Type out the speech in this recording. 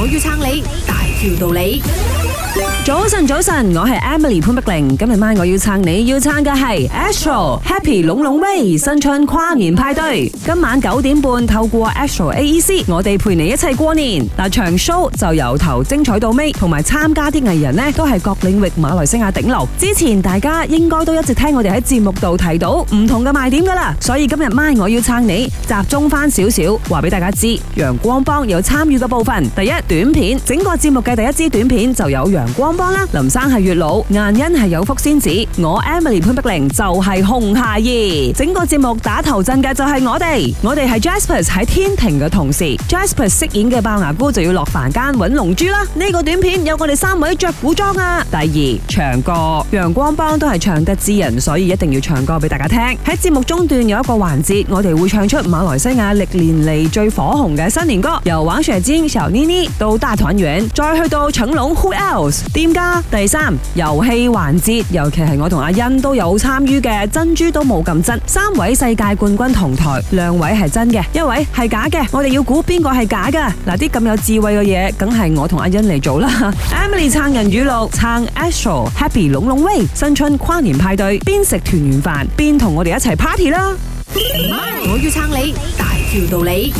我要撐你，大條道理。早晨，早晨，我係 Emily 潘碧玲，今日晚我要撐你，要撐嘅係 Astro Happy 龍龍 Way 新春跨年派對，今晚九點半透過 Astro AEC，我哋陪你一齊過年。嗱，場 show 就由頭精彩到尾，同埋參加啲藝人呢都係各領域馬來西亞頂流。之前大家應該都一直聽我哋喺節目度提到唔同嘅賣點噶啦，所以今日晚我要撐你，集中翻少少話俾大家知，陽光幫有參與嘅部分，第一短片，整個節目嘅第一支短片就有陽。陽光幫啦，林生係月老，晏欣係有福仙子，我 Emily 潘碧玲就係紅孩兒。整個節目打頭陣嘅就係我哋，我哋係 Jasper 喺天庭嘅同事。Jasper 飾演嘅爆牙姑就要落凡間揾龍珠啦。呢個短片有我哋三位着古裝啊。第二唱歌，陽光幫都係唱得之人，所以一定要唱歌俾大家聽。喺節目中段有一個環節，我哋會唱出馬來西亞歷年嚟最火紅嘅新年歌，由《玩蛇精小妮妮》到《大團圓》，再去到《成龍 Who l 店家第三遊戲環節，尤其係我同阿欣都有參與嘅珍珠都冇咁真。三位世界冠軍同台，兩位係真嘅，一位係假嘅。我哋要估邊個係假嘅嗱？啲咁有智慧嘅嘢，梗係我同阿欣嚟做啦。 Emily 撐人語錄，撐 Astro Happy 龍龍 Way，新春跨年派對，邊食團圓飯邊同我哋一齊 party 啦！我要撐你，大條道理。